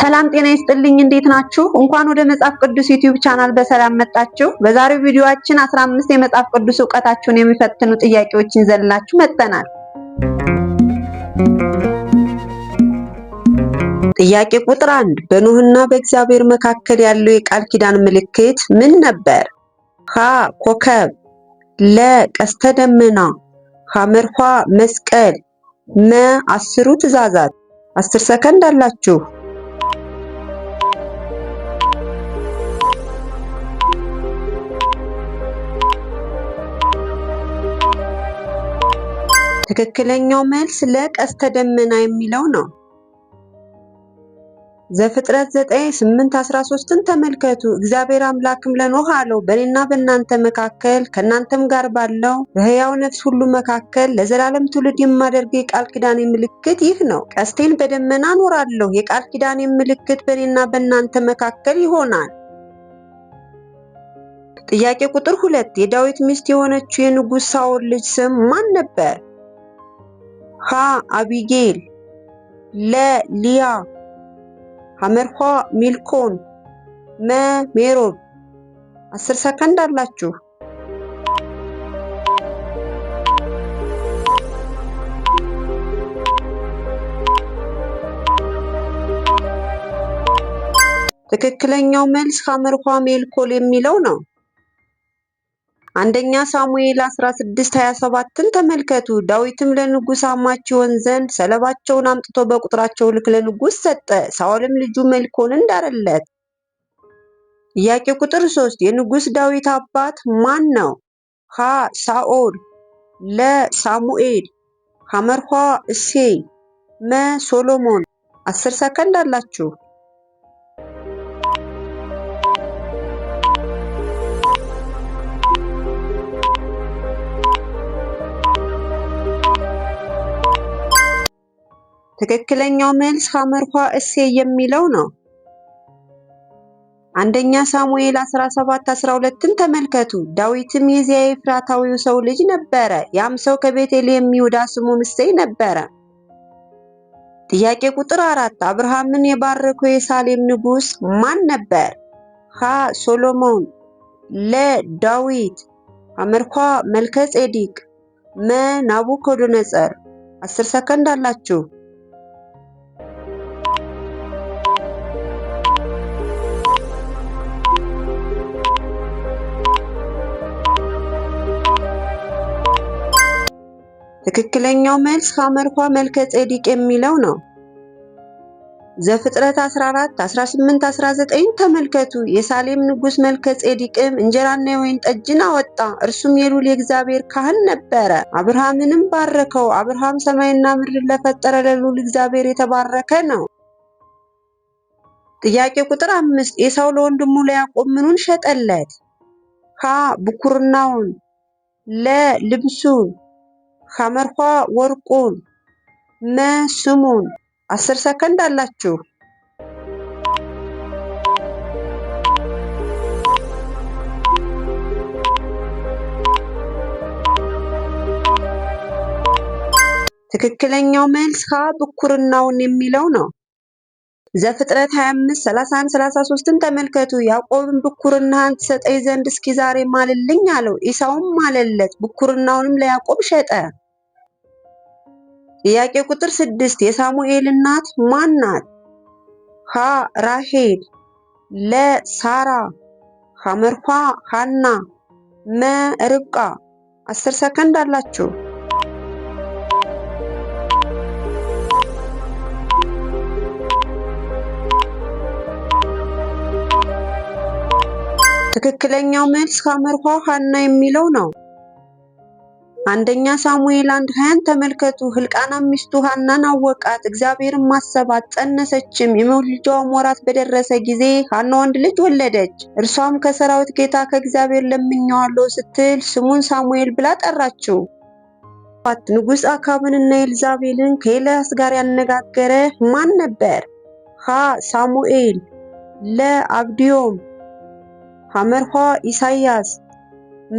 ሰላም ጤና ይስጥልኝ። እንዴት ናችሁ? እንኳን ወደ መጽሐፍ ቅዱስ ዩቲዩብ ቻናል በሰላም መጣችሁ። በዛሬው ቪዲዮአችን 15 የመጽሐፍ ቅዱስ እውቀታችሁን የሚፈትኑ ጥያቄዎችን ይዘንላችሁ መጥተናል። ጥያቄ ቁጥር አንድ በኖህና በእግዚአብሔር መካከል ያለው የቃል ኪዳን ምልክት ምን ነበር? ሀ ኮከብ፣ ለ ቀስተ ደመና፣ ሐመርኋ መስቀል፣ መ አስሩ ትእዛዛት። አስር ሰከንድ አላችሁ። ትክክለኛው መልስ ለቀስተ ደመና የሚለው ነው። ዘፍጥረት 9:8-13ን ተመልከቱ። እግዚአብሔር አምላክም ለኖህ አለው በእኔና በእናንተ መካከል ከእናንተም ጋር ባለው በሕያው ነፍስ ሁሉ መካከል ለዘላለም ትውልድ የማደርገው የቃል ኪዳኔ ምልክት ይህ ነው። ቀስቴን በደመና አኖራለሁ። የቃል ኪዳኔ ምልክት በእኔና በእናንተ መካከል ይሆናል። ጥያቄ ቁጥር ሁለት የዳዊት ሚስት የሆነችው የንጉሥ ሳኦል ልጅ ስም ማን ነበር? ሀ አቢጌል፣ ለ ሊያ፣ ሐመርኋ ሚልኮን፣ መ ሜሮን። አስር ሰከንድ አላችሁ። ትክክለኛው መልስ ሐመርኋ ሜልኮል የሚለው ነው። አንደኛ ሳሙኤል 27 ን ተመልከቱ። ዳዊትም ለንጉሥ አማች ይሆን ዘንድ ሰለባቸውን አምጥቶ በቁጥራቸው ልክ ለንጉሥ ሰጠ። ሳኦልም ልጁ መልኮን ዳረለት። ጥያቄ ቁጥር 3 የንጉሥ ዳዊት አባት ማን ነው? ሀ. ሳኦል ለ. ሳሙኤል ሐመርኋ እሴይ መ. ሶሎሞን 10 ሰከንድ አላችሁ። ትክክለኛው መልስ ሐመርኳ እሴ የሚለው ነው። አንደኛ ሳሙኤል 1712 ን ተመልከቱ። ዳዊትም የዚያ የኤፍራታዊው ሰው ልጅ ነበረ፣ ያም ሰው ከቤተልሔም ይሁዳ ስሙ እሴይ ነበረ። ጥያቄ ቁጥር አራት አብርሃምን የባረከው የሳሌም ንጉሥ ማን ነበር? ሀ ሶሎሞን፣ ለ ዳዊት፣ ሐመርኳ መልከ ጼዴቅ፣ መ ናቡከደነፆር። 10 ሰከንድ አላችሁ። ትክክለኛው መልስ ሐመርኳ መልከ ጼዲቅ የሚለው ነው። ዘፍጥረት 14 18 19 ተመልከቱ። የሳሌም ንጉሥ መልከ ጼዴቅም እንጀራና የወይን ጠጅን አወጣ፣ እርሱም የሉል የእግዚአብሔር ካህን ነበረ። አብርሃምንም ባረከው። አብርሃም ሰማይና ምድርን ለፈጠረ ለሉል እግዚአብሔር የተባረከ ነው። ጥያቄ ቁጥር አምስት ኤሳው ለወንድሙ ለያዕቆብ ምኑን ሸጠለት? ሀ ብኩርናውን፣ ለ ልብሱን፣ ሐመርኳ ወርቁን ነ ስሙን። አስር ሰከንድ አላችሁ። ትክክለኛው መልስ ሀ ብኩርናውን የሚለው ነው። ዘፍጥረት 25 31 33ን ተመልከቱ። ያዕቆብን ብኩርናህን ትሰጠኝ ዘንድ እስኪ ዛሬ ማልልኝ አለው። ኢሳውም ማለለት፣ ብኩርናውንም ለያዕቆብ ሸጠ። ጥያቄ ቁጥር ስድስት የሳሙኤል እናት ማን ናት? ሀ ራሄል፣ ለ ሳራ፣ ሐመርኳ ሐና፣ መ ርብቃ። አስር ሰከንድ አላችሁ። ትክክለኛው መልስ ሐመርኳ ሐና የሚለው ነው። አንደኛ ሳሙኤል አንድ 1:20 ተመልከቱ። ሕልቃና ሚስቱ ሐናን አወቃት፣ እግዚአብሔርን ማሰባት ጸነሰችም። የመውለጃዋም ወራት በደረሰ ጊዜ ሐና ወንድ ልጅ ወለደች። እርሷም ከሰራዊት ጌታ ከእግዚአብሔር ለምኜዋለሁ ስትል ስሙን ሳሙኤል ብላ ጠራችው። ንጉሥ አካብንና ኤልዛቤልን ከኤልያስ ጋር ያነጋገረ ማን ነበር? ሀ ሳሙኤል፣ ለ አብድዮም፣ ሐመርኋ ኢሳይያስ፣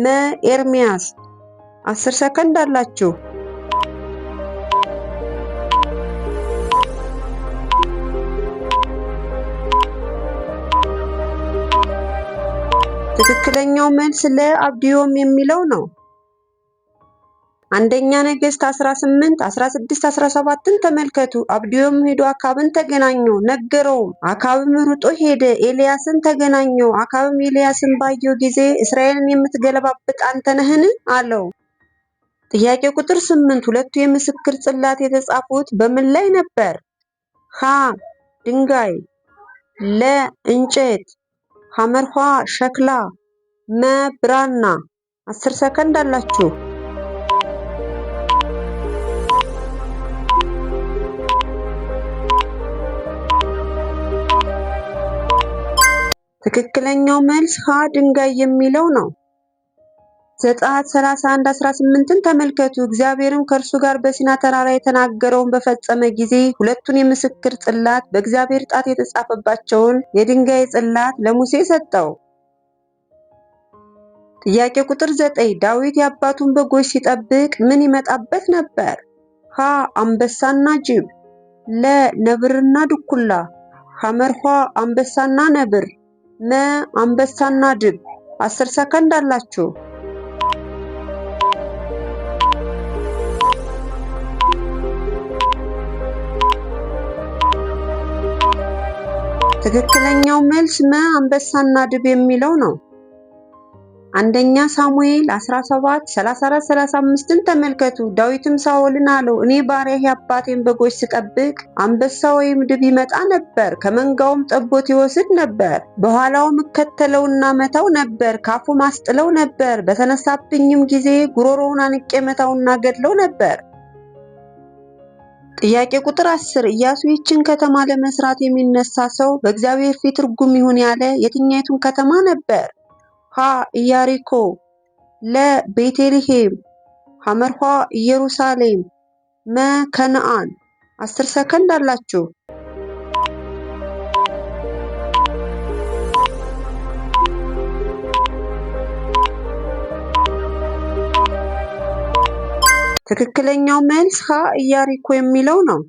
መ ኤርሚያስ አስር ሰከንድ አላችሁ። ትክክለኛው መልስ ለአብዲዮም የሚለው ነው። አንደኛ ነገሥት 18 16 17ን ተመልከቱ። አብዲዮም ሄዶ አካብን ተገናኘው፣ ነገረውም። አካብም ሩጦ ሄደ፣ ኤልያስን ተገናኘው። አካብም ኤልያስን ባየው ጊዜ እስራኤልን የምትገለባበት አንተ ነህን? አለው። ጥያቄ ቁጥር ስምንት ሁለቱ የምስክር ጽላት የተጻፉት በምን ላይ ነበር? ሀ ድንጋይ፣ ለ እንጨት፣ ሐመርኋ ሸክላ፣ መ ብራና። አስር ሰከንድ አላችሁ። ትክክለኛው መልስ ሀ ድንጋይ የሚለው ነው። ዘጸአት 31:18ን ተመልከቱ። እግዚአብሔርም ከእርሱ ጋር በሲና ተራራ የተናገረውን በፈጸመ ጊዜ ሁለቱን የምስክር ጽላት በእግዚአብሔር ጣት የተጻፈባቸውን የድንጋይ ጽላት ለሙሴ ሰጠው። ጥያቄ ቁጥር 9 ዳዊት የአባቱን በጎች ሲጠብቅ ምን ይመጣበት ነበር? ሀ አንበሳና ጅብ፣ ለ ነብርና ድኩላ፣ ሐመርኋ አንበሳና ነብር፣ መ አንበሳና ድብ። አስር ሰከንድ አላችሁ። ትክክለኛው መልስ መ አንበሳና ድብ የሚለው ነው። አንደኛ ሳሙኤል 17 34 35ን ተመልከቱ። ዳዊትም ሳኦልን አለው እኔ ባሪያህ የአባቴን በጎች ስጠብቅ አንበሳ ወይም ድብ ይመጣ ነበር፣ ከመንጋውም ጠቦት ይወስድ ነበር። በኋላውም እከተለውና መታው ነበር፣ ካፉ አስጥለው ነበር። በተነሳብኝም ጊዜ ጉሮሮውን አንቄ መታውና ገድለው ነበር። ጥያቄ ቁጥር 10 ኢያሱ ይህችን ከተማ ለመስራት የሚነሳ ሰው በእግዚአብሔር ፊት ርጉም ይሁን ያለ የትኛይቱን ከተማ ነበር? ሀ ኢያሪኮ፣ ለ ቤተልሔም፣ ሐመርኋ ኢየሩሳሌም፣ መ ከነዓን። 10 ሰከንድ አላችሁ። ትክክለኛው መልስ ሀ ኢያሪኮ የሚለው ነው።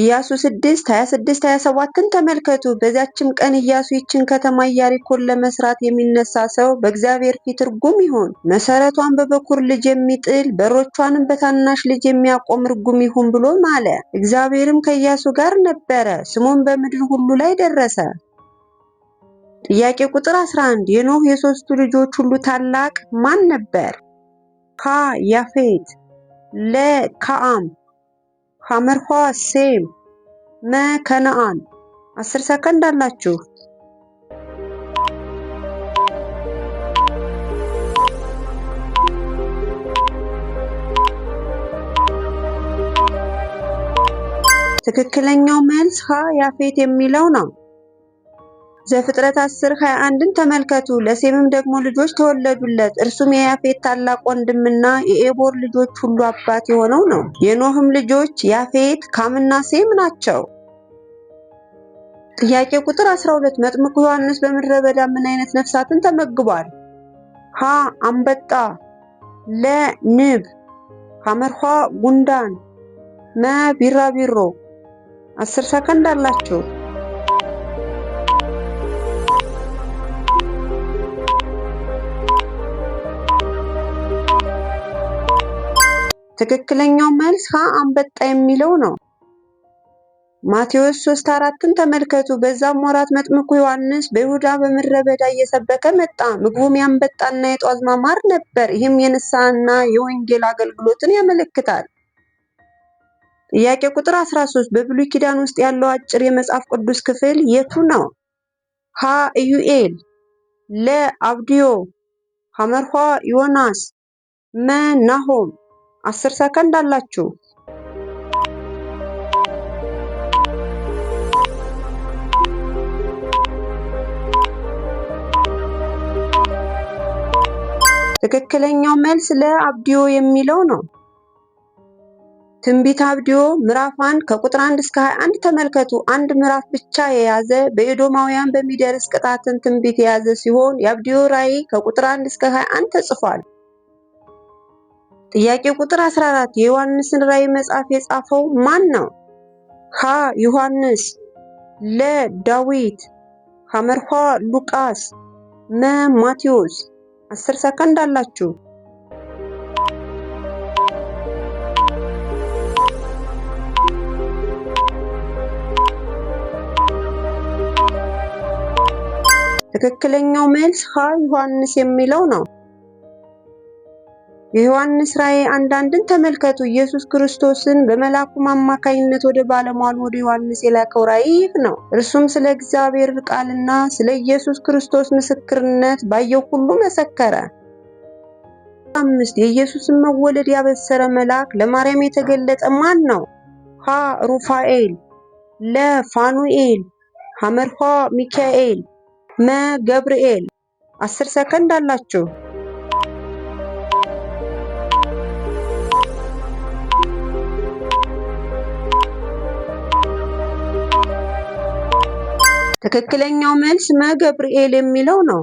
ኢያሱ 6 26 27ን ተመልከቱ። በዚያችም ቀን ኢያሱ ይችን ከተማ ኢያሪኮን ለመስራት የሚነሳ ሰው በእግዚአብሔር ፊት ርጉም ይሁን፣ መሰረቷን በበኩር ልጅ የሚጥል በሮቿንም በታናሽ ልጅ የሚያቆም ርጉም ይሁን ብሎ ማለ። እግዚአብሔርም ከኢያሱ ጋር ነበረ፣ ስሙም በምድር ሁሉ ላይ ደረሰ። ጥያቄ ቁጥር 11 የኖህ የሦስቱ ልጆች ሁሉ ታላቅ ማን ነበር? ካያፌት ለካአም ሐመርኳ ሴም መከነአን አስር ሰከንድ አላችሁ። ትክክለኛው መልስ ሀ ያፌት የሚለው ነው። ዘፍጥረት 10 21ን ተመልከቱ። ለሴምም ደግሞ ልጆች ተወለዱለት፤ እርሱም የያፌት ታላቅ ወንድምና የኤቦር ልጆች ሁሉ አባት የሆነው ነው። የኖህም ልጆች ያፌት፣ ካምና ሴም ናቸው። ጥያቄ ቁጥር 12 መጥምቁ ዮሐንስ በምድረ በዳ ምን አይነት ነፍሳትን ተመግቧል? ሀ አንበጣ፣ ለ ንብ፣ ሐመርኋ ጉንዳን፣ መ ቢራቢሮ። 10 ሰከንድ አላችሁ። ትክክለኛው መልስ ሀ አንበጣ የሚለው ነው። ማቴዎስ 3:4ን ተመልከቱ። በዛም ወራት መጥምቁ ዮሐንስ በይሁዳ በምድረ በዳ እየሰበከ መጣ። ምግቡም የአንበጣና የጧዝማ ማር ነበር። ይህም የንስሐና የወንጌል አገልግሎትን ያመለክታል። ጥያቄ ቁጥር 13 በብሉይ ኪዳን ውስጥ ያለው አጭር የመጽሐፍ ቅዱስ ክፍል የቱ ነው? ሀ ኢዩኤል፣ ለ አብድዮ፣ ሐመርኋ ዮናስ፣ መ ናሆም አስር ሰከንድ አላችሁ። ትክክለኛው መልስ ለአብዲዮ የሚለው ነው። ትንቢት አብዲዮ ምዕራፍ 1 ከቁጥር 1 እስከ 21 ተመልከቱ። አንድ ምዕራፍ ብቻ የያዘ በኤዶማውያን በሚደርስ ቅጣትን ትንቢት የያዘ ሲሆን የአብዲዮ ራእይ ከቁጥር 1 እስከ 21 ተጽፏል። ጥያቄ ቁጥር 14 የዮሐንስን ራእይ መጽሐፍ የጻፈው ማን ነው? ሀ ዮሐንስ፣ ለ ዳዊት፣ ሐመርኋ ሉቃስ፣ መ ማቴዎስ። 10 ሰከንድ አላችሁ። ትክክለኛው መልስ ሀ ዮሐንስ የሚለው ነው። የዮሐንስ ራእይ አንዳንድን ተመልከቱ። ኢየሱስ ክርስቶስን በመልአኩ አማካኝነት ወደ ባለሟል ወደ ዮሐንስ የላከው ራእይ ይህ ነው። እርሱም ስለ እግዚአብሔር ቃልና ስለ ኢየሱስ ክርስቶስ ምስክርነት ባየው ሁሉ መሰከረ። አምስት የኢየሱስን መወለድ ያበሰረ መልአክ ለማርያም የተገለጠ ማን ነው? ሀ ሩፋኤል፣ ለ ፋኑኤል፣ ሐመርሃ ሚካኤል፣ መ ገብርኤል። አስር ሰከንድ አላችሁ። ትክክለኛው መልስ መ ገብርኤል የሚለው ነው።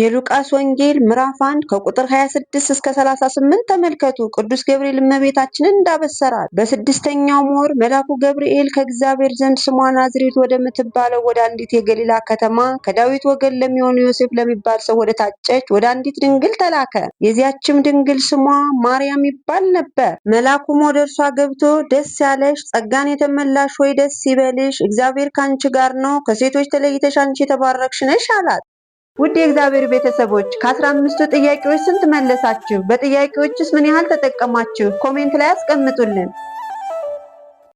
የሉቃስ ወንጌል ምዕራፍ 1 ከቁጥር 26 እስከ 38 ተመልከቱ። ቅዱስ ገብርኤል እመቤታችንን እንዳበሰራት በስድስተኛውም ወር መልአኩ ገብርኤል ከእግዚአብሔር ዘንድ ስሟ ናዝሬት ወደምትባለው ወደ አንዲት የገሊላ ከተማ ከዳዊት ወገን ለሚሆኑ ዮሴፍ ለሚባል ሰው ወደ ታጨች ወደ አንዲት ድንግል ተላከ። የዚያችም ድንግል ስሟ ማርያም ይባል ነበር። መልአኩም ወደ እርሷ ገብቶ ደስ ያለሽ፣ ጸጋን የተመላሽ ሆይ ደስ ይበልሽ፣ እግዚአብሔር ከአንቺ ጋር ነው፣ ከሴቶች ተለይተሽ አንቺ የተባረክሽ ነሽ አላት። ውድ የእግዚአብሔር ቤተሰቦች ከአስራ አምስቱ ጥያቄዎች ስንት መለሳችሁ? በጥያቄዎችስ ምን ያህል ተጠቀማችሁ? ኮሜንት ላይ አስቀምጡልን።